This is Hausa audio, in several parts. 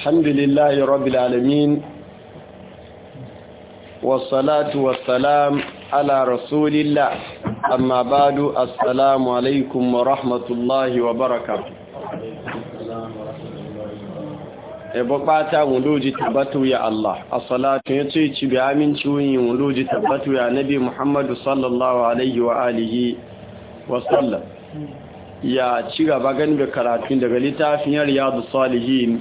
الحمد لله رب العالمين والصلاة والسلام على رسول الله أما بعد السلام عليكم ورحمة الله وبركاته ebobata wuluji tabbatu ya Allah as-salatu yace ci bi aminci wuluji tabbatu ya nabi Muhammadu sallallahu alaihi wa alihi wa sallam ya ci gaba ganin karatun daga littafin riyadus salihin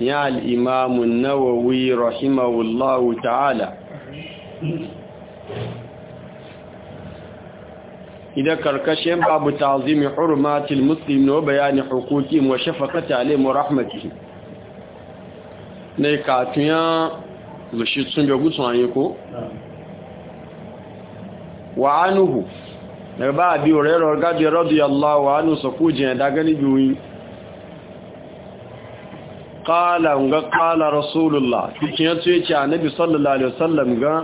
ya al'imamu nawawi rahimahullahu ta'ala idan karkashin babu tazimi hurmatil muslim no bayani hukuki wa shafaqati alayhi wa rahmatihi ne katuya zushi sun ga gutsun ayi ko wa anhu daga ba bi hurairah radiyallahu sa safujin da gani biyu qala nga qala rasulullah cikin yace yace annabi sallallahu alaihi wasallam ga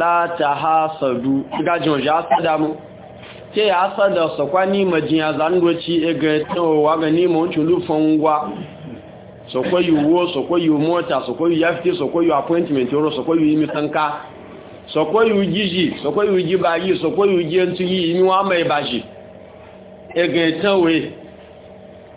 la tahasadu ga jin ya sada mu ke ya sada so kwani majin ya zangoci e ga towa ga ni mu chulu fongwa so ko yuwo so ko yu mota so ko yafti so ko yu appointment oro so ko yu imi tanka so ko yu jiji so ko jibayi so ko yu jentu yi mi wa mai baji e ga towe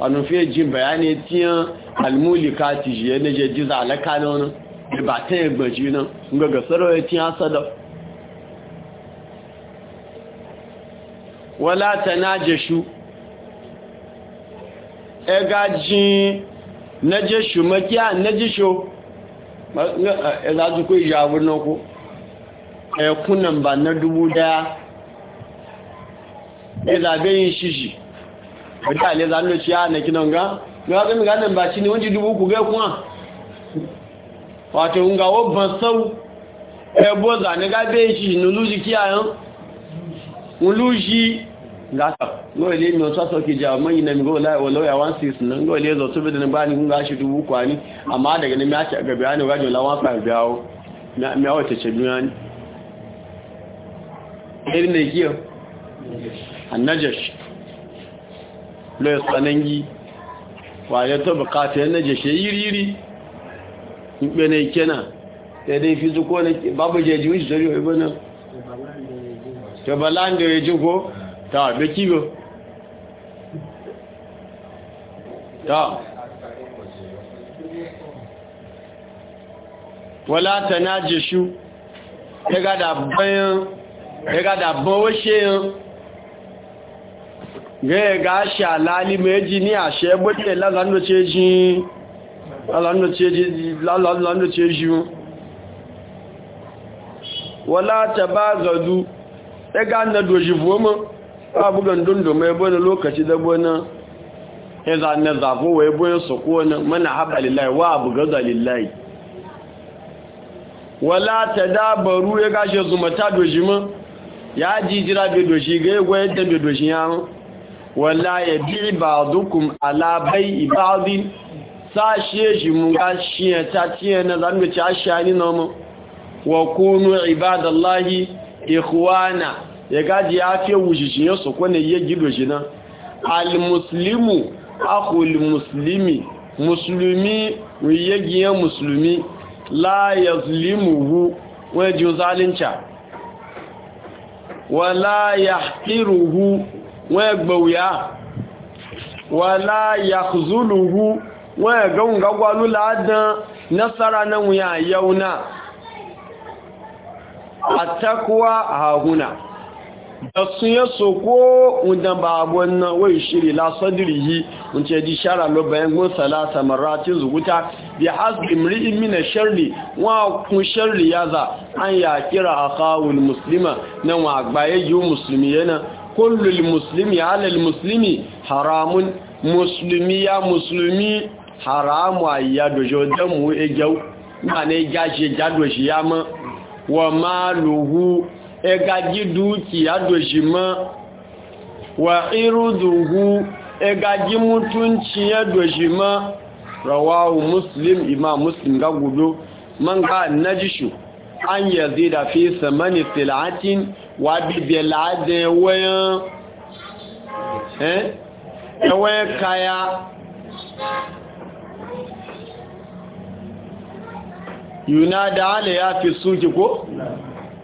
wani fiye jin bayani tiyan almulika ti jiye na je jiza alaka na wani da ba ta yin gbaji nan ga gasaro ya tiyan sada wala ta na jeshu e gaji na jeshu makiya na jisho ya e za su ku ijabu na ku e kunan ba na dubu daya ya e zabe yin shiji wata aleza hannu ci ya na kinan ga ga zai ga nan ba shi ne dubu ku kuma wato nga wo ban sau ebo zane ga be shi nulu ji ki ayan nulu ji nga sa ngo ile mi o saso ki ja man ina mi go la o lo ya 16 nan ngo ile zo to bi da ba ni nga shi dubu kwani amma daga ne mi ake ga bayani ga jola wa biya biawo mi awo te ce biyan irin ne kiyo annajash lọ ìsànẹ́yí wàyẹ tó bukata yana jẹ ṣe yìírí ìpẹ́ na ìkẹ́ náà ẹ̀dẹ́ fi zukọ́ babu jẹ jíun ìṣẹ́rí ìbọn náà tọba láńdẹ̀ ẹjú kó tàbí kíbò wọ́lá tẹ̀ná jẹ́ṣú ẹgádà bọ́n wọ́ṣẹ́ yẹn gaya e ga shi alali mai ji ni a ṣe gbọ́dẹ̀ ce ji ce ji wọ́lá tàbá gàdú ẹgá na doji fòmọ́ abugan dundu mai bane lokaci da bane za na zafo wa ya bane su kone mana haɓa lillahi wa abu gaza lillahi wọ́lá tàdá baru e ya gashe zumata doji mọ́ ya ji jira bai doji ga ya gwayar da bai doji yawon wala ya bi ba'dukum ala bai'i ba'din sashe shi mun ga shi ta tiye na zan mu ci ashani no mu wa kunu ibadallahi ikhwana ya gaji ya fi wujishin ya so kone ya gido shi na al muslimu akhul muslimi muslimi ya ya muslimi la yazlimuhu wa ju wala yahqiruhu wọ́n gbọ̀wùyá wọ́n láyàkùzúlùhú wọ́n ẹ̀gọ́n gagwalu láàdán nasara na wuya yauna atakuwa hahuna da sun yi soko wudan babon na wai shiri lasadiri yi wunce di shara lo bayan salasa yaza an ya kira akawul muslima nan wa agbaye musulmi yana Kullu muslimi ala muslimi haramun musulmi ya muslimi haramu ya dojo damu ejau ma na ga shi ga doshi ya ma wa maluhu e ga ji dukiya doshi ma wa iruduhu e ga mutunci ya doshi ma rawahu muslim imam muslim ga gudu man ga najishu an yazida fi samani tilatin wa bibiya la'adin wayan eh wayan kaya yunada ala ya fi suki ko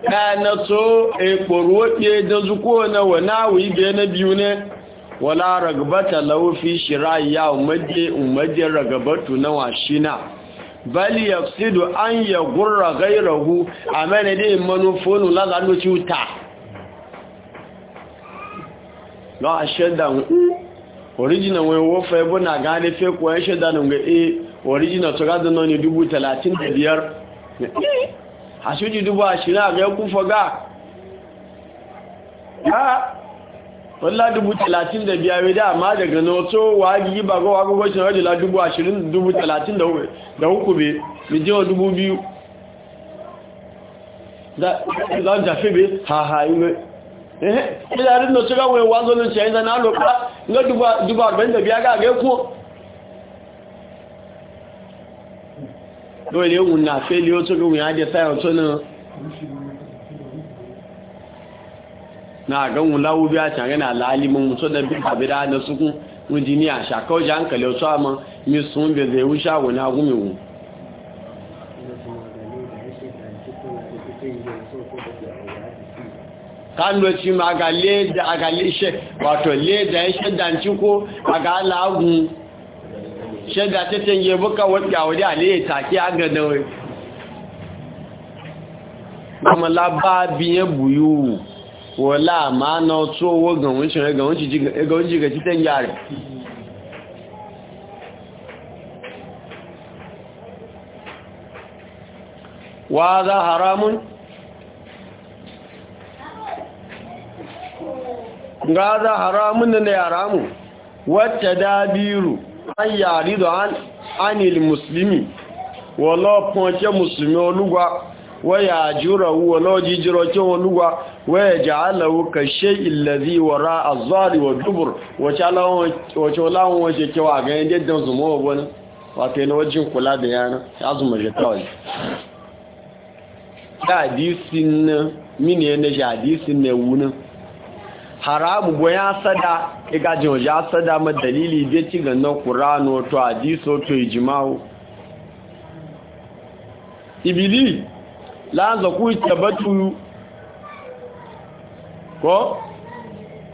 ɗana so ekporo ɗe da zuko na wana wibe na biyu ne wala ragbata laufi ya umarje umarje ragabatu na washina bali ya an ya gurra gairahu a mana dai manufonu lagano cuta lọ a shaida original wọn wofa na ga da ya shaida na e original to gada na ne dubu talatin biyar a ga ya e kufa ga ha wala dubu talatin da biyar daga na wato wagi ba ga wago gwacin rajula dubu ashirin dubu da hukube ha ìdárí lọ síra wọn wá lónìí ṣe ìdáná lọ́pàá ló dùgbà àgbẹ́ndẹ̀ bí agá àgbẹ́ kú lórí ohun náà fẹ́ lé ó tó lórí ajẹ́ sáyọ̀ tó náà na agánwò láwó bí a ṣàrẹ́ náà láàlì mọ́ tó dẹ̀ bí àbírá na sukún wọ́n di ní àṣàkọ́ kandoci ma ga leda a ga leshe wato leda ya shaddanci ko a ga lagun shadda ta canje buka wadda wadda a leda take a ga dawai kuma laba biye buyu wala ma na tsowo ga wuncin ga wuncin ga cikin yare wa za haramun Nga za haramun da ne haramu? wacce dabiru an yari da an anil musulmi wala kwanke musulmi oluwa waya jirawu wala jijirawce oluwa waya ji alawu ka she illazi wara a zari wa dubur wace alawun wace kewa a ganin yadda zumo wa wani wata yana wajen kula da yana azuma zuma shi kawai ya hadisi na mini yana shi hadisi na wunin haramu ya sada igajin e waje sada ma dalili bai ci gannan ƙuranu to hadiso to ijimawo ibili lanza ku tabbatu ko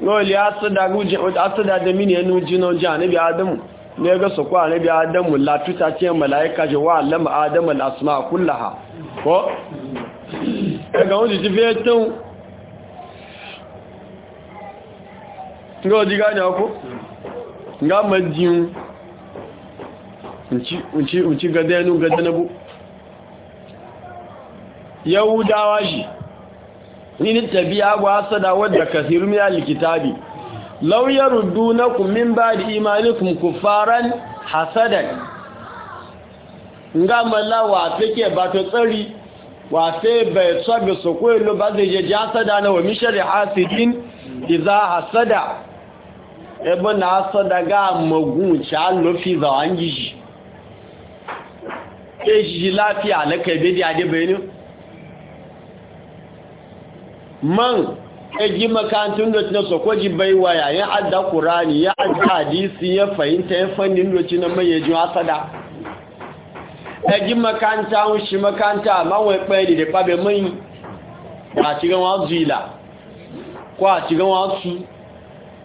lóòlì asada da mini yanu jinan ji anabi adamu ne ga su kwa anabi adamu latuta ce mala'ika ji wa allama adamu al'asma kullaha ko e ga wani jifetun ga waje gane ku ga majiyun unci gada yanu gada na bu yahudawa shi ni tabiya gwa sada wadda kasiru miya likitabi law dunakun min ba imanikum imanikun kufaran hasadan nga mala wa take ba to tsari wa sai bai so su kwelo ba zai je jasada na wa mishari hasidin iza hasada ebe na asọ daga magun ci alofi zawon gishi ke shi lafiya na kaibe da ade bayani man ƙaji makarantun da na sokoji baiwa yayin adda ƙurani ya adda hadisi ya fahimta ya fannin doci na mayyajin asada ƙaji makaranta wunshi makaranta mawai ɓari da ƙabe mai a cikin wasu ila ko a wasu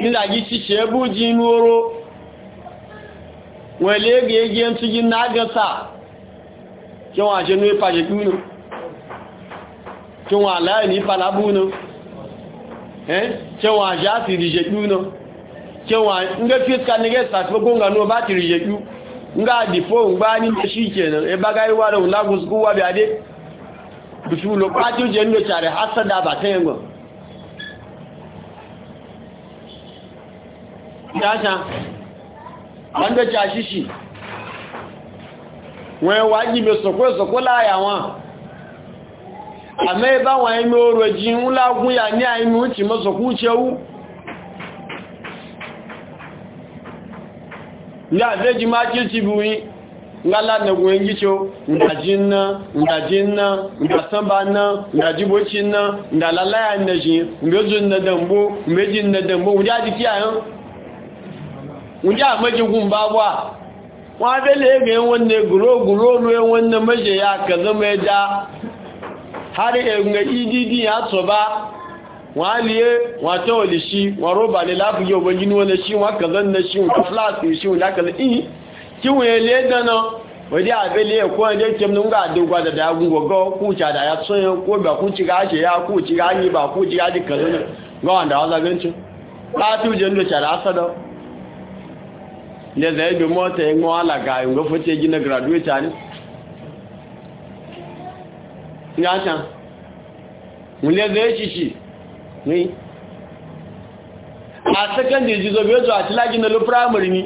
ndagi ṣiṣẹ́ ẹbú jí inú oró wọ́n lè gẹ́gẹ́ ń túnjí nágẹ́ta kí wọ́n àṣẹ ní pàṣẹkú nù kí wọ́n àláyé ní nga nù kí wọ́n àṣẹ àti ìrìṣẹ́kú nù kí wọ́n ngẹ́ fíṣkà ní bá ti ìrìṣẹ́kú ngá tata banda jashishi wọ́n wá jíbe sọ̀kọ́-sọ̀kọ́ láàyà wọn àmẹ́ ìbáwọn ẹni orò jí ń lágúnyà ní àìmú tí mọ́ sọ̀kú ṣeú ní àfẹ́jì máa ti bú yí tí ó ǹdàjí ná ǹdàjí ná ǹdàsánbà ná wunye amajigun babuwa wadanda ya ga yin wannan guro-guro ruwan wannan maje ya ka zama ya da har ga edd ya so ba waliye wata wali shi waro ba ne lafi yau wani wani shi waka zan na shi wata flas shi wata ka zan iyi kiwon ya e le dana wadi abele ya kowane da yake nunga dogwa da dagun gogo kuca da ya tsoye ko ba kuci gashi ya kuci gani ba kuci gashi kazo ne ga wanda waza gancin ba tu jendo shara sadau da zai bi mota yin wala ga yin ga fice gina graduate ne ya can mule zai shi shi ne a secondary ji zobe zuwa tila na lo primary ni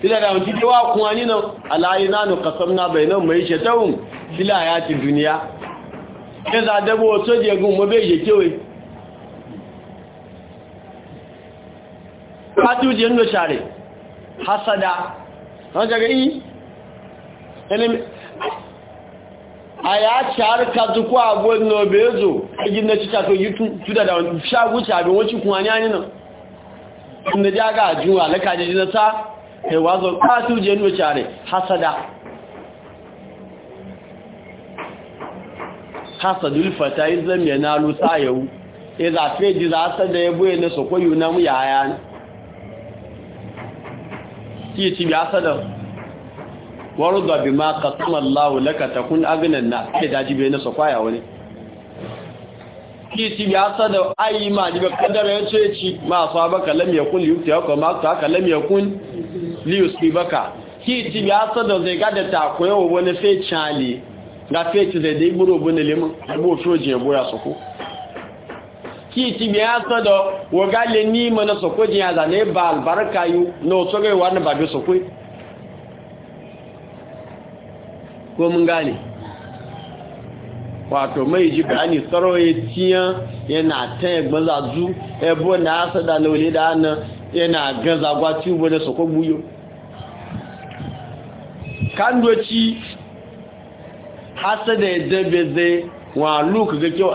tila da wanti kewa kuma ni nan alayi na nu kasam na bai nan mai shetawun tila ya ci duniya ya za dabo wato jegun mabe je kewe Fatu je nlo share hasada wọ́n jẹ́ rí ẹlẹ́mẹ́ a ya ci harka zuku abuwan nobezo a gina ẹgbẹ̀ ẹgbẹ̀ ẹgbẹ̀ ẹgbẹ̀ da ẹgbẹ̀ ẹgbẹ̀ ẹgbẹ̀ kuma ni ẹgbẹ̀ nan ẹgbẹ̀ ẹgbẹ̀ ẹgbẹ̀ ẹgbẹ̀ ẹgbẹ̀ ẹgbẹ̀ ẹgbẹ̀ ẹgbẹ̀ ẹgbẹ̀ ẹgbẹ̀ ẹgbẹ̀ ẹgbẹ̀ ẹgbẹ̀ ẹgbẹ̀ hasada ẹgbẹ̀ ẹgbẹ̀ ẹgbẹ̀ ya ẹgbẹ̀ ẹgbẹ̀ ẹgbẹ̀ ẹgbẹ̀ ẹgbẹ̀ za a ẹgbẹ̀ ya na na mu sai ya ci waru da bi ma qasama Allahu laka takun agnan na sai daji bai na sakwaya wani sai ci ya salam ai ma ni ba kadara ya ce ci ma kalam ya kun yakun ya kuma ta haka lam yakun li yusibaka sai ci ya salam zai ga da takoyo wani sai chali ga sai ci zai dai buru bune limin abu shoje boya sako ki ci biya sa da waga le ni mana sokwe jin yaza ne ba albarka yu no so ga wani ba bi sokwe ko mun gane wato mai ji bayani tsaro ya tiya yana ta egbe zazu ebo na asa da laule da ana yana gaza gwa tubo da sokwe buyo kandoci hasa da ya dabe zai wa luka ga kyau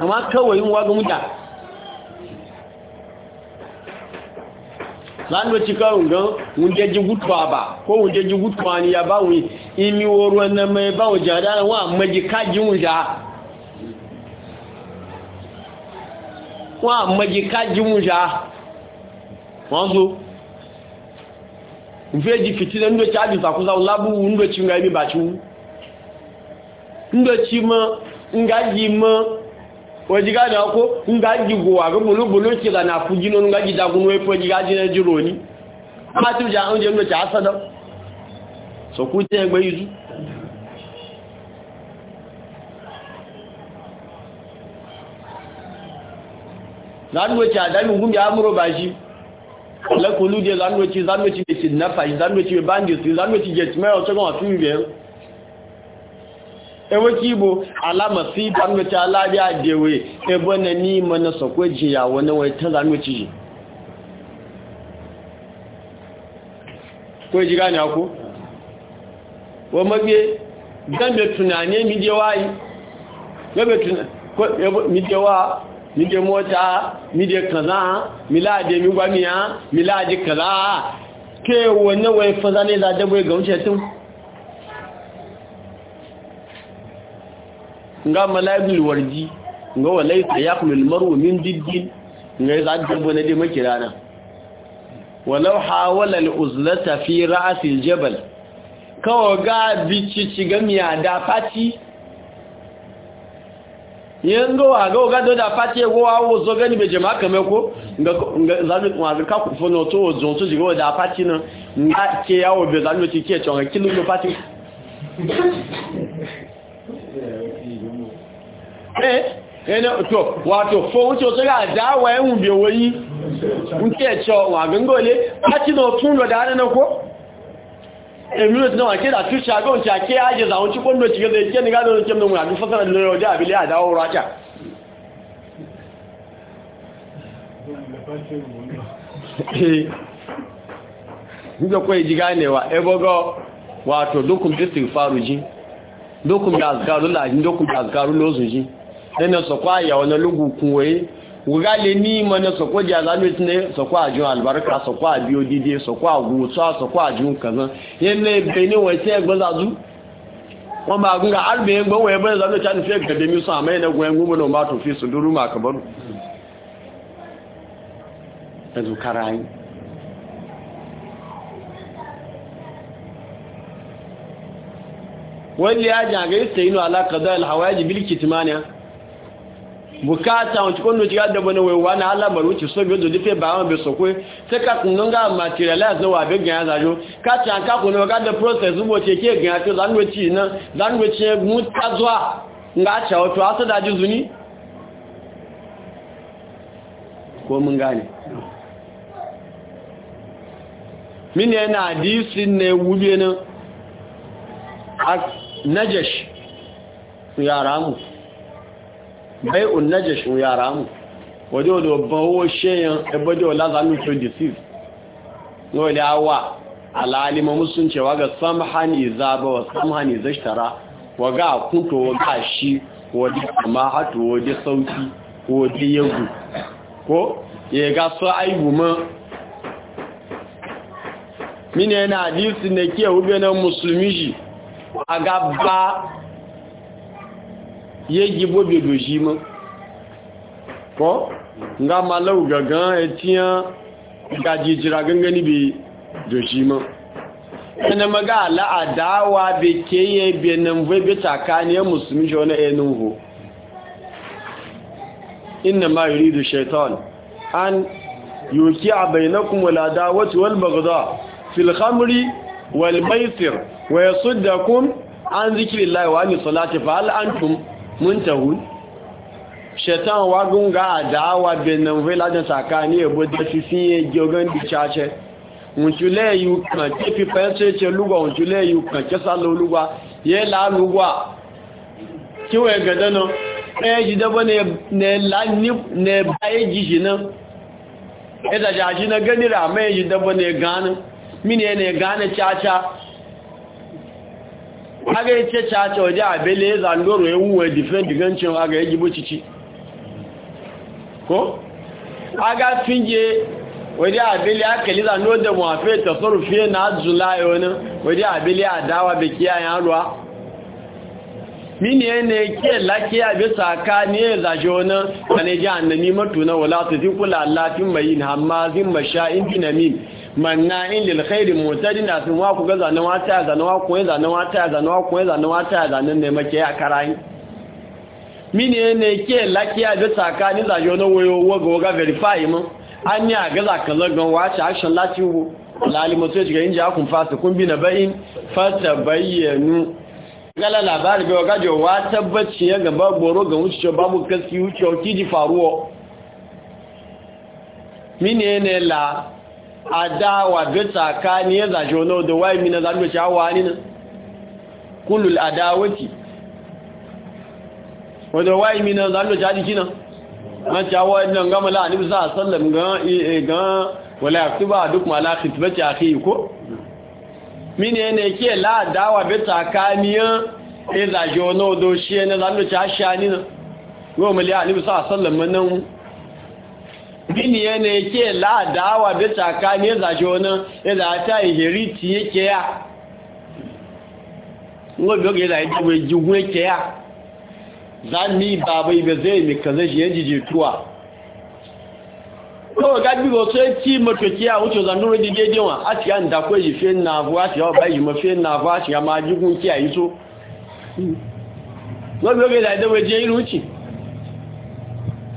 amma kawai yin waga muta lánàá ti káwọn gan oúnjẹ jígútù àbà kó oúnjẹ jígútù àni ya báwọn imi oru ẹna mẹ báwọn jẹ àdára wọn àmọ́jì kájíhùn já wọn àmọ́jì kájíhùn já wọ́n zo ìfẹ́jì fìtílẹ̀ ń lọ́tí àjùsàkúsà lábúwú ń lọ́tí ń ga ibi bàtíwú ń lọ́tí mọ́ ń ga yìí mọ́ waji da ko nga jiguwa ga bulubulun ki da na fuji non nga gida kunu efo ji gaji na jiro ni amma tu ja anje no ta asada so ku te gbe yuzu zanwo ci adami gumbi amuro ba shi lakolu je zanwo ci zanwo ci be kidnapper zanwo ci be bandits zanwo ci jet mail so kan wa fi biyan ewe bo alama fi dangote alabiya dewe ebe na nima na sokwe jiya wani wai ta zangoci ji ko ji gani ako wa mabe gambe tunane mije wayi gambe tunane mije wa mije mota mi mije kaza milade mi gwamiya milade kaza ke wani wai fa zane za dabo ga tun nga malabil warji nga walaysa yaqmul mar'u min diddin, nga za dabbo na dai makirana walau hawala al-uzlata fi ra's al-jabal kawo ga bici ci gami a da fati yango wa ga ga da fati go wa wo zo gani be jama'a kame ko nga za mu ga ku fono to zo to ji da fati na nga ke yawo be za mu ci ke chonga kilu fati Eh, to wato o wuce wasu eh. e, ga dawa yin wube wani nke cewa wa gangole ati na otun da dare na ko emirate na wake da tushe ga ake yaje da a dawo raka Nígbà kó ìjì gánewa, ẹgbọ́gọ́ wàtò tí sì fárú jí, dókùn nínú sọ̀kọ́ àyàwó na lógùnkún wòye wùgá lè ní ìmọ̀ ní sọ̀kọ́ jẹ́ alámẹ́tí ní sọ̀kọ́ àjún àlùbáríkà sọ̀kọ́ àbí odidi sọ̀kọ́ àgùntọ́ sọ̀kọ́ àjún kànáà yẹn ní ibẹ̀ ní wọ́n ti ẹgbọ́n zazú wọ́n bá gún ká alùbẹ̀ ń gbọ́wọ́ ẹgbẹ́ ìzọ́nà tí a ti mi sọ àmẹ́ ẹ̀nẹ́gun ẹgbẹ́ mọ́nà bá tó fi sùdúrú mà kàbọ́nù ẹ̀dùn kára bukata wọn ti kó nùtí àdàbọ̀ ní wẹ̀wà náà alámọ̀rún ti sọ́bí ojú dípé bá wọn bí sọ pé tí kàkùn ló ń gá materialize wà bí gẹ̀ẹ́ àzájú káàkì àkàkùn náà gádẹ process bó ti ké gẹ̀ẹ́ àti language iná language ẹgbùn tazọ́à nga àṣà ọ̀tọ̀ asọ́dájú zuní ko Bai bai'un najashu ya ramu wajo da babban owó ṣeyan ẹgbẹ́dẹ̀ olázàánú 26 no wọ́n awa alalima musun cewa ga samhan izaba wa samhan izashtara wa ga kunto wa ga shi di kama hatu di sauki di yagu ko ya ga so aibu ma mine yana hadisi na kiyahu benin musulmi shi a gaba bo bi do jima ko nga ma lọ́wọ́ e gangan gaji jira gangani bi dòṣì mọ́ ẹni maga adawa bai keye benin vebe takaniyar musulmi shi wani enin e ho inna ma yuridu shaitan an yuki a bainakun walada wata walbagda filhamri walmaisir wa ya sudda kun an zikirin laiwa ne salati fa'al'antum muntahun shetan wagun ga adawa benin village tsakani ebo da fi fiye gyogon bicace ntule yu kan ke fi fẹ́ṣẹ́ ṣe lúgbà ntule yu kan ke sálọ olúgbà yẹ lálúgbà kí wọ́n gẹ̀dẹ́ náà ẹ jí dẹ́bọ́ na ẹbá ẹjì jì náà ẹdàjà jì náà e mẹ́ jí dẹ́bọ́ na ẹgánà mí ni ẹnà ẹgánà cháchá aga yi ce caca waje a bele ya zandoro ya wuwa difen digancin aga ya gibo cici ko? aga finge waje a bele ya kali zandoro da mawafe ta farufe na julai wani waje a bele ya dawa da kiyayen ruwa mini ya ne ke lakiya bisa ka ne ya zaje wani kane ji annami matuna wala su zikula allafin mai yin hamma zin na min. manna'in lil khairi mutadin asin wa ku ga zanen wata zanen wa ku zanen wata zanen wa ku zanen wata zanen ne make ya karai mini ne ke lakiya da tsakani zajo na wo go ga verify mu an ya ga zakalan wa wace action lati wo lalimu sai ga inji akun fasu kun bi na bayin fata bayyanu gala labari bai waga jowa tabbaci ya gaba goro ga wuce babu kaski wuce kiji faruwa mini ne la adawa bi tsakani ya zaje wani da wai mina zan doce hawa ni nan kullul adawati wanda wai mina zan doce hadiki nan man ta wai nan ga mala annabi sallallahu e, alaihi wasallam ga ga wala yaktuba duk mala ta akhi ko mine ne ke la adawa bi tsakani ya e zaje wani da shi ne zan doce hashani nan go mala annabi sa alaihi wasallam nan gini e e e ya na ke ladawa da tsakani ya zaje wani ya za yake ya ngobi oge za ita mai jigun yake ya za ni ibe zai mai kaza shi yanji jituwa kawai gabi wasu yanki matoki a wuce zanuru di daidai wa a cikin da kwa yi fiye na abu a wa bayi ma fiye na abu a ma jigun kiyayi so ngobi oge za ita mai je irin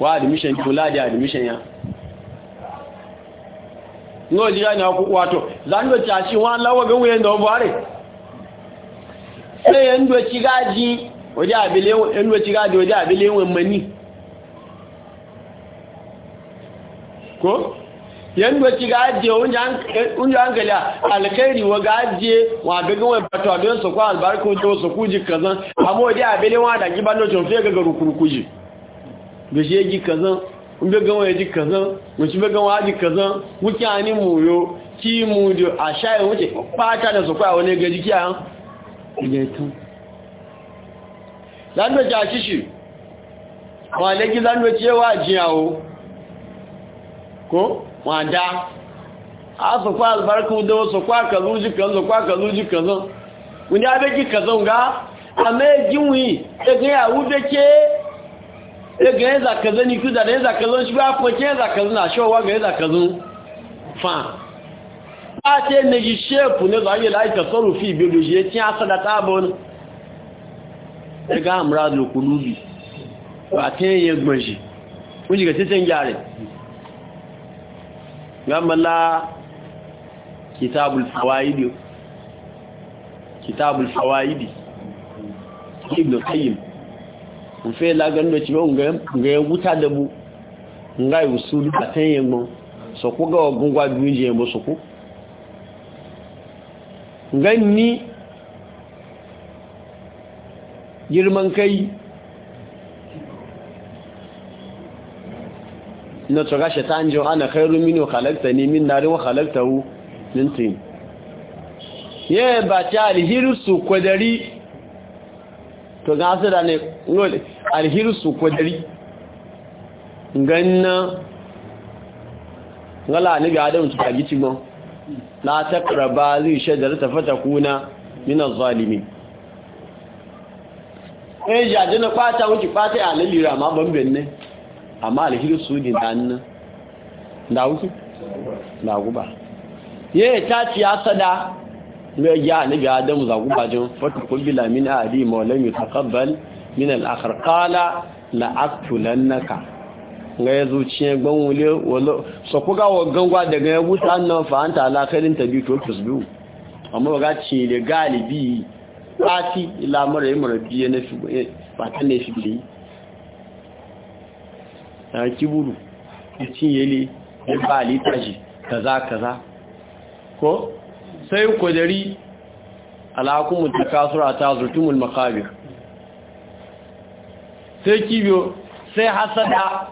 wa admission ko ladi admission ya no jira ni aku wato zando cha shi wa lawa ga wuyen da bare sai yan do ci gaji waje abile yan do ci gaji waje abile wen mani ko yan do ci gaji unjan unjan gala alkhairi wa gaji wa daga wen pato abin su ko albarko to su kuji kazan amma waje abile wa da gibando to fe ga rukurukuji gashi ya ji kazan bai gawa ya ji kazan wuce bai gawa ya ji kazan wuce a ni muyo ki mu da a shayin wuce fata da su kwa wani ga jiki a gaitu zanuwa ja shi shi kwanaki zanuwa cewa jiyawo ko wanda a su kwa albarkun da wasu kwa kazu ji kazan kwa kazu ji kazan wani abe ki kazan ga a mai jinwi ɗaga e yawu da ke e ga yanzu ka zani ku da yanzu ka zan shi ba ko ke yanzu ka zan showa ga yanzu ka zan fa a ce ne ji shefu ne za yi laika sarufi biology ya ci asa da tabon daga amra lokulubi ba ta yin yagbon shi kun shiga titin gyare gamala kitabul fawaidi kitabul fawaidi ibn qayyim N lagan da ci ba ga ya wuta da bu nga yi usulu a tan yin gbon so ko ga ko girman kai na tsoga shaitan ni min nari wa ye ba ta alhiru su kwadari to za su da ne alhirsu kwadari ganna ngala ni ga adam ta gici gon la taqraba zai shajar ta fata kuna min az eh ya jina fata wuce fata a lalira ma ban ne amma alhirsu din dan da wuce da guba ye ta ci asada me ya annabi adamu zagu bajin fatu kullila min ali maulam yataqabbal min al-akhar qala la aqtulannaka ga ya zuciye gban wule wala so kuga wa gangwa daga ya wuta annan fa anta ala ta biyu. to tusbu amma ga ci da galibi pati, ila mara mara biye na shi eh, ba ta ne shi bi ta kiburu cin yele ba ali taji kaza kaza ko sai ku dari alhakumul takasura ta zurtumul makabir sai kibiyo sai hasada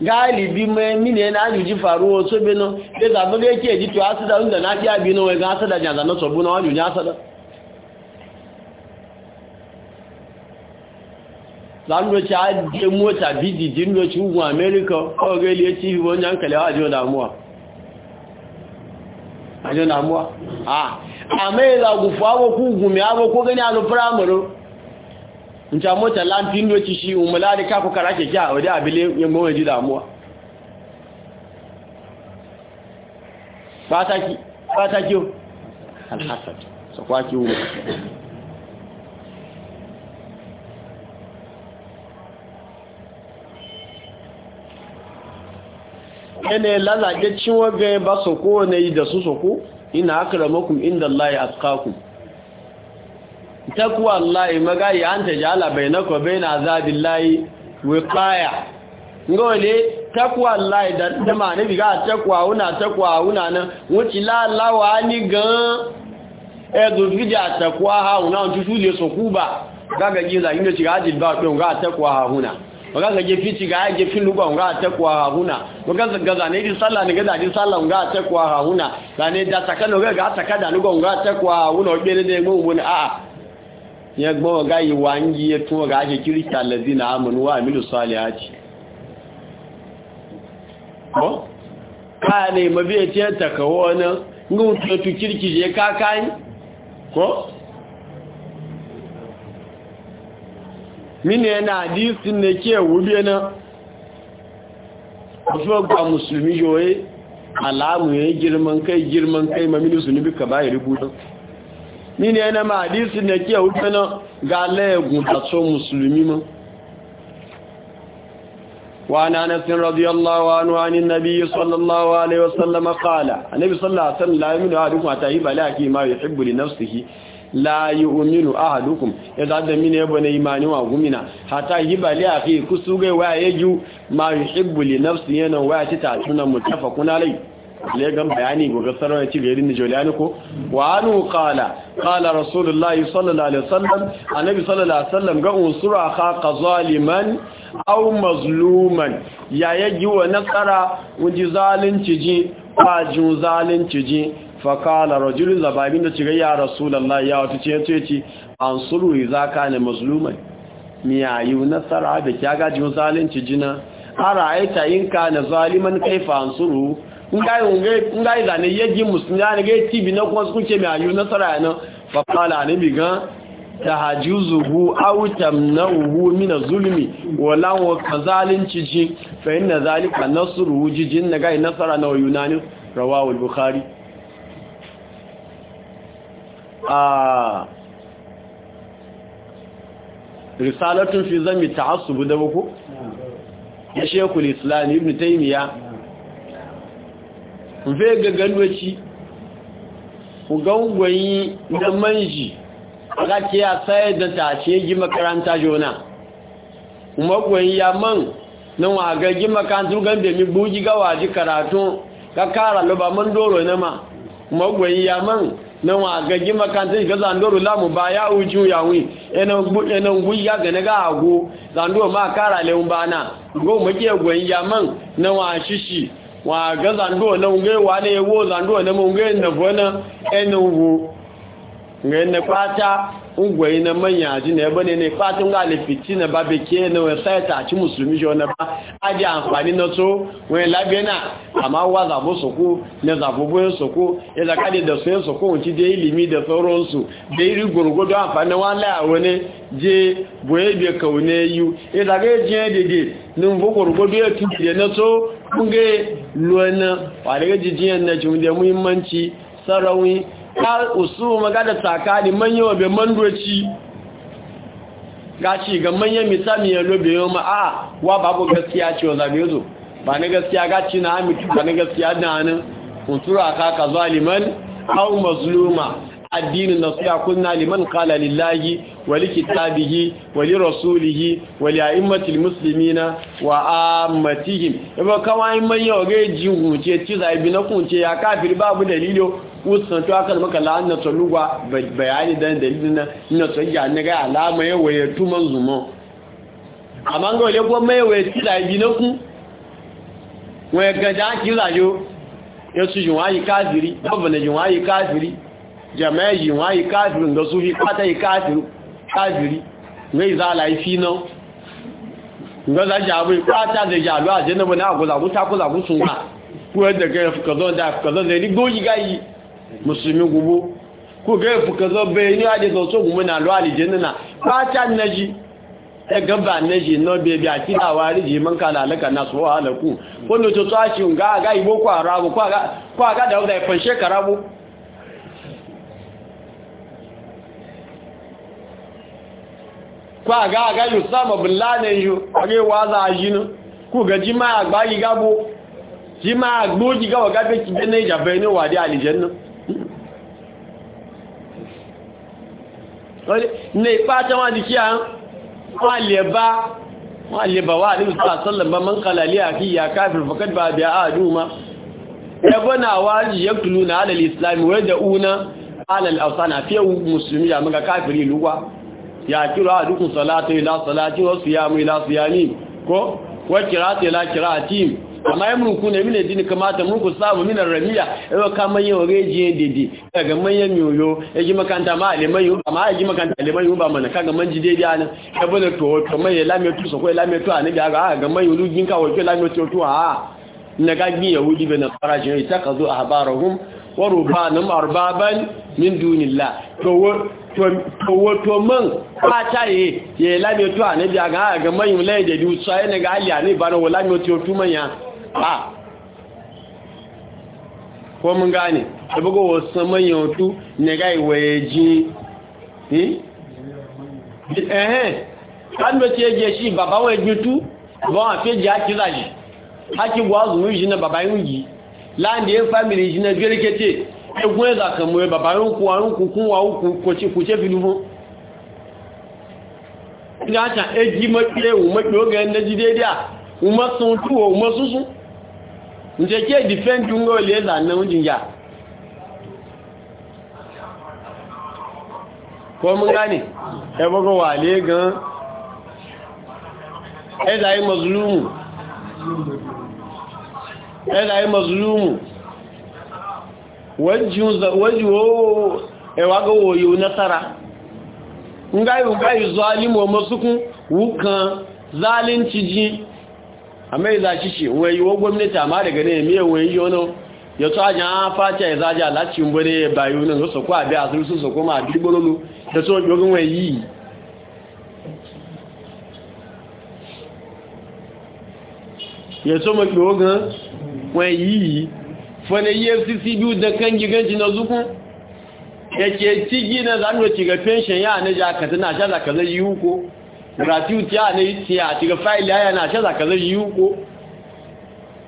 galibi mai mini yana ajuji faruwa so bino da zaɓi da yake ji to hasada inda na fiya bino wai ga hasada jan zanen sabu na wajuji hasada zanuroci a je mota bidi jindoci ugun america kawai gali ya ci fi wajen kalewa a jiwa damuwa àjọ nàmúwà àmì ìlàgùfò awokú gùnmí awokú gẹ́ni alù pírámùrú nca mota lamfi ndo ci shi umula da kafu kya wadda abile yin goma da damuwa ba ta ki ba kwaki umar yana lalace cinwa ga ba su ko na yi da su su ko ina akramakum inda Allah ya atqakum takwa Allah magayi an tajala bainaka baina azabillahi wiqaya ngole takwa Allah ya dama ne biga takwa una takwa una nan wuci la lawa ni gan e do bija takwa ha una on tutu le sokuba gaga giza inda shiga ajil ba don ga takwa ha una wakaza gefici ga gefin lugwa nga atakwa hauna wakaza gaza ne di sallah ne gaza di sallah nga atakwa hauna zane da takano ga ataka da lugwa nga atakwa hauna obere ne mu mun a ya gbo ga yi wangi ya tuwa ga ake kirista lazina amanu wa amilu salihati ko ka ne mabiya ce takawo nan ngun tutu kirki je kakai ko mini yana hadisin da ke wube na ba musulmi yoye alamu ya girman kai girman kai ma mini sunubi ka bayi rubutun mini yana ma hadisin da ke wube na ga layagun taso musulmi ma وعن انس رضي الله عنه عن النبي صلى الله عليه وسلم قال النبي صلى الله عليه وسلم لا احدكم حتى ما يحب لنفسه la yi yu'minu ahadukum ya da mini mine bane imani wa gumina hata hibali akhi kusugai wa yaju ma yuhibbu li nafsi yana wa ta tatuna mutafaqun alai le gan bayani goga sarwa ci gari ni jolani ko wa anu kala, kala rasulullahi sallallahu alaihi Sallam, a nabi sallallahu alaihi Sallam, ga unsura ka zaliman aw mazluman ya yaji wa nasara wuji zalunci ji ba ju zalunci ji faƙala rajulun zababin da ciga ya rasulallah ya wata ce yace ce an suru za ka ne mazlumai miyayu nasara da kya gaji zalunci jina ara aita yin ka na zaliman kaifa an suru in ga yi zane yagin musulmi ya ga tibi na kuma suke miyayu nasara yana faƙala ne biga ta haji zuhu autam na uhu mina zulmi walan wa ka zalunci ji fa yin na zalika nasuru jijin na ga yi nasara na wa yunani rawawul bukhari risalatun fi zami bu da buku ya shekul islami ibn taymiya ga gaganwaci ku gangwayi da manji ga ke ya sayar da ta ce yi makaranta jona magwayi ya man nan wa ga gi makarantu gambe mi buji gawa ji karatu ka kara loba doro na ma magwayi ya man na wa gaji makantar ga zandoro lamu ba ya uju yawon yanan ya ga na gago zandoro ma kara leun ba na go make ya man na wa shishi wa ga zandoro na unge wa ne wo zandoro na munge na bona enu wo ngai na kwata ungwayi na manya ji na ebe ne ne nga ga alifici na ba bekee na we a ci musulmi shi wani ba aji amfani na so wani labe na ama wa zabo soku na zaboboyin e soko ya e zakadi da soyin e soko ti da ilimi da nsu, da iri gorogodo amfani wa laya wani je boye bai kaune yi ya zaga jiya dede nun bu gorogodo ya ti de na so kunge luwa na wadda ga jijiyan na jimde muhimmanci sarawi ta usu magada tsakani manya wa bai mandoci gashi ga manyan misali ya lobe yau ma a ah, wa babu gaskiya ce wa zabe zo ba na gaskiya ga ci na hamitu ba na gaskiya da hannun kuntura ka ka zaliman hau mazluma addinin nasiya kunna liman qala lillahi wa likitabihi wa li rasulihi wa li a'immatil muslimina wa ammatihim ibo kawai manyan wa gaji hunce ci zabi na kunce ya kafir babu dalilo usan to aka maka la'an na tsaluwa bayani dan dalilin na ina tsayya ne ga alama ya waye tuman zumo amma ga wale goma ya waye tila yi na ku waye gaja ki yo? ya su yi wayi kafiri babban yi wayi kafiri jama'a yi wayi kafiri ga su fi kwata yi kafiri kafiri ngai za la fi na ga za ja bai kwata da ja lo a jina bana ku za ku ta ku za ku sun ka ku da ga ka zo da ka zo da ni goyi gayi musulmi gubu ku ga fuka zo bayani a da zo gumu na lo aljanna na ba ta naji ta e gaba naji no be bi ati da wari ji man alaka na so halaku wanda to tsaci e ga ga ibo kwa rabu kwa ga kwa ga da ga ga gabo gawa gabe ní ipá tán wọ́n di kí à ń ba lè bá wọ́n lè bá wà nínú sọ́lá sọ́lá bá mọ́ kàlà lé àkí ìyà káfin fọ́kàt bá bí a dùn ma ẹgbẹ́ na wá tulu na alal islam wẹ́ da una alal afsana fiye musulmi ya maka kafiri luwa ya kira a dukkan salatu ila salati wasu yamu ila suyami ko wa kirati ila kiratim amma ya mulku ne mine dini kamata mulku samu min ramiya yau ka manyan wa reji dede daga manyan yoyo ya ji makanta ma alimai yu amma ma ya ji makanta alimai yu ba mana kaga man ji dede ana ka bana to to mai ya lame tu sokoi lame tu ana ga ga ga mai yulu ginka wa ke lame tu tu ha na ga gi yahudi bin farajin itakazu ahbarahum wa rubanum arbaban min dunillah to to to man kwata ye ya lame tu ana ga ga mai lai da du sai na ga ali ani bana wala mi tu manya a ko mun gane da buga wasu manyan hutu ne ga iwaye ji ẹ̀hẹ́n láti bẹ̀ tí ẹ jẹ́ sí bàbá wọn ẹgbẹ́ tú bọ́n àfẹ́jì àkílà yìí haki wazun yi jina bàbá yìí yìí láàndì ẹ fámìlì jina gẹ́rẹ́kẹ́tẹ́ ẹgbùn ẹ̀zà kàmùrẹ̀ bàbá yìí kú àrùn kùkún wà ó kò ṣe fi lúfún ìdájà ẹjí mọ́kílẹ̀ òun mọ́kílẹ̀ ó gẹ̀ẹ́ ǹjẹ́ kí ẹ̀dìfẹ́ntì ń gọ́ ilé ìlànà oúnjẹ yà kọ́ mú gánì ẹgbọ́gbọ́ wà lé gan ẹ̀dàí mọ̀sùlùmù ẹ̀dàí mọ̀sùlùmù wọ́jú ẹwàgọ́wọ̀ yóò nasara ń gáyù gáyù zọ alímọ̀ mọ́sùkún wùkan zálín ti jí amma ya zaci shi wai yiwo gwamnati amma daga ne miye wai yi wani ya to ajin an fata ya zaji alacin bane ya bayu nan su kwa biya su su su kuma a da so yorin wai yi ya so maki ogun wai yi fana e fcc biyu da kan giganci na zukun ya ke na zanuwa ya na jaka tana zai yi gratuity a ne tiya tiga faili ya na shaza kaza yuko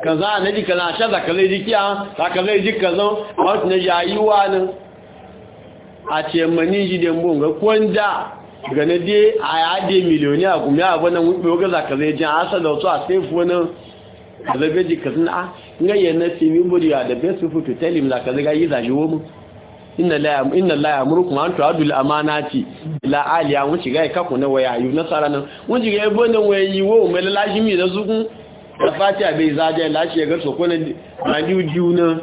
kaza na ji kaza shaza kaza ji kiya ta kaza ji kaza wasu na yayuwa nan a ce mani ji da mbon ga kwanda ga na dai a ya da miliyoni a kuma ya bana wuce ga za kaza ji asa da wasu a safe wani kaza ji kaza na a ah, ngayen na simi buriya da best food to tell him za kaza ga yi zaji wo mu inna la inna la yamurukum an tu'addu al amanati ila aliya mun shiga ka kuna waya yu nasara nan mun shiga ebo nan waya yi wo mai lashi mi da su kun da fatiha bai zaje lashi ya ga so ko nan na diu diu nan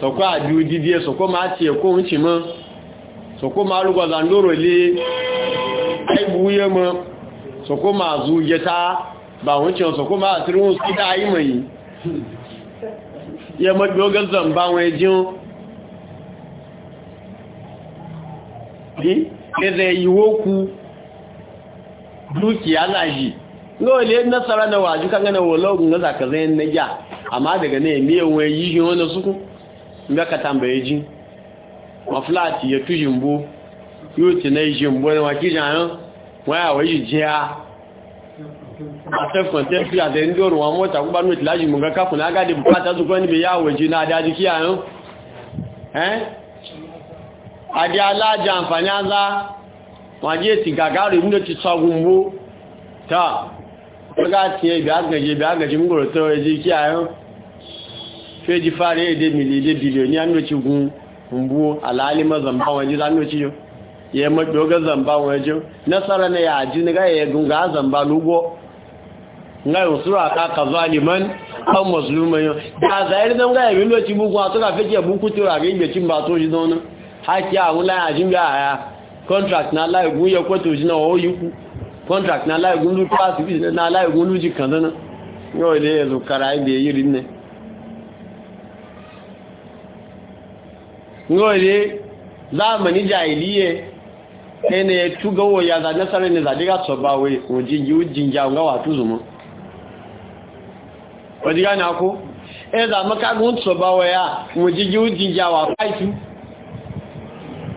so ko a diu di die so ko ma ce ko mun ci mun so ko ma lugwa zandoro le ai buye mun so ko ma zuje ta ba wucin so ko ma tirun su da yi mai ya madogar zamba wai jin eh da yiwo ku dukiya laji lole nasara na waju kan ganin wologun na zaka zai na ja amma daga ne miye wai yi shi wani suku ga ka tambaye ji ma flat ya tu jimbo yo ti na jimbo na waki jan wa wa yi jiya atẹ́fún tẹ́fí àtẹ́ ndị ọ̀rùn wọn mọ́ta kúgbà ní ìtìlájì mọ̀gá kápùn ní agádìí bukata zùkọ́ níbi yáwó jí náà dájú kí àyán adé alájà àǹfààní ázá wọ́n jẹ́ ti gàgárì ní ti sọgúnwó tọ́ ọgá ti ẹgbẹ̀ agẹ̀jẹ̀ ẹgbẹ̀ agẹ̀jẹ̀ múgbòrò tó ẹjì kí ayọ́ fẹ́jì fàárí èdè mìlì èdè bìlìọ̀ ní àmì gun mbú alálímọ̀ zamba wọn jí yọ yẹ mọ́gbẹ̀ ọgá zamba wọn jọ nasara na yà jí nígbà yẹ gunga zamba lúgbọ́ nga yóò sọ́rọ̀ àkàkà zọ alìmọ́n haki àwọn láyé àjíngbà àyà contract na aláìgún yẹ kó tòjì náà ó yíkú contract na aláìgún ló pàṣẹ bí na aláìgún ló jì kàn dáná yóò lè ẹ̀sùn kara ẹgbẹ̀ yìí rí nẹ yóò lè záàmàní jà ìlí yẹ ẹni ẹtú gánwò nẹ́sàrẹ́ ni zàdígà sọ̀bà wẹ òjìjì ó jìjà ọ̀gá wà tó zùmọ́ ẹzà mọ́kágún sọ̀bà wẹ ya òjìjì ó jìjà wà fáìtú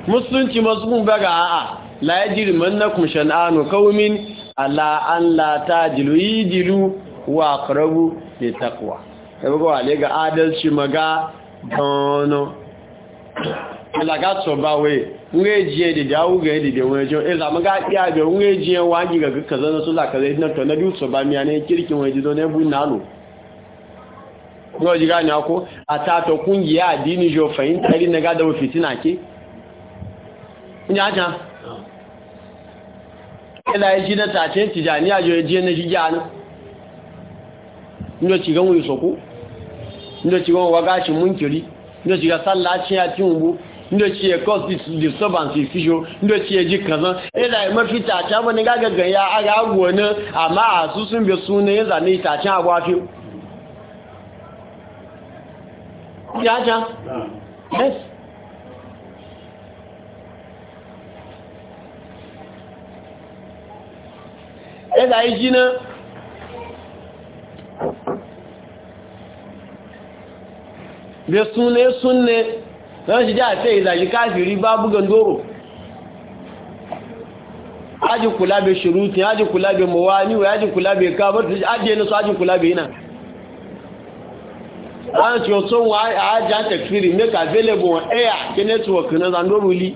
musulunci mazmun baga a'a la yajri mannakum shan'anu qaumin ala an la tajilu yijilu wa aqrabu li taqwa kaga wa le ga adalci maga dono alaga so bawe ngeje de dawo ga de de wajo e za maga iya be ngeje waji ga kaza na sula kaza e na to na biyu so ba miya ne kirkin waje jido ne bu nalo ko ji ganya ko ata to kungiya adini jo fahimta irin na ga da na ke ní àjá ilá ẹjí dẹ́ta àti ìtìjà ní àjọ ẹjí ẹni jíjá ní ní ọ̀tí gánwò ìsọ̀kú ní ọ̀tí gánwò wágáṣì mú kìrí ní ọ̀tí gá sálà tí a ti wùgbó ní ọ̀tí ẹ̀kọ́ disturbance ìfíṣò ní ọ̀tí ẹjí kàzán ilá ẹ̀mọ́ fi tààtí ya afi Yes. ẹ̀dà ìjìnà da sune sunne don shi ja ce zagi kafiri babu gandoro aji kula be shuruti aji kula be mawani wa aji kula be kabar aji ne su aji kula be ina an ci otun wa aji an takfiri make available air ke network na zandoruli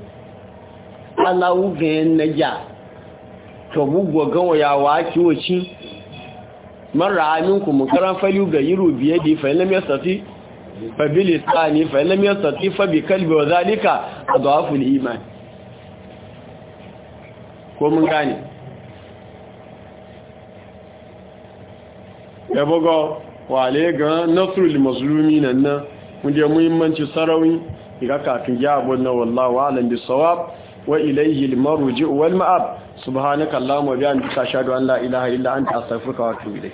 alawu ganyen na ya to gugwa gawa ya wa kiwoci mara aminku munkaran falu ga yiro biye di fa lam yastati fa bil lisani fa lam yastati fa bi kalbi wa zalika adafu al iman ko mun gani ya ga wale ga nasrul mazlumin nan mun je muhimmanci sarawi ga kafin ya abun na wallahi alam bisawab wa ilayhi al-marji wal ma'ab subhanakallahumma wa bihamdika ashhadu an la ilaha illa anta astaghfiruka wa atubu ilayk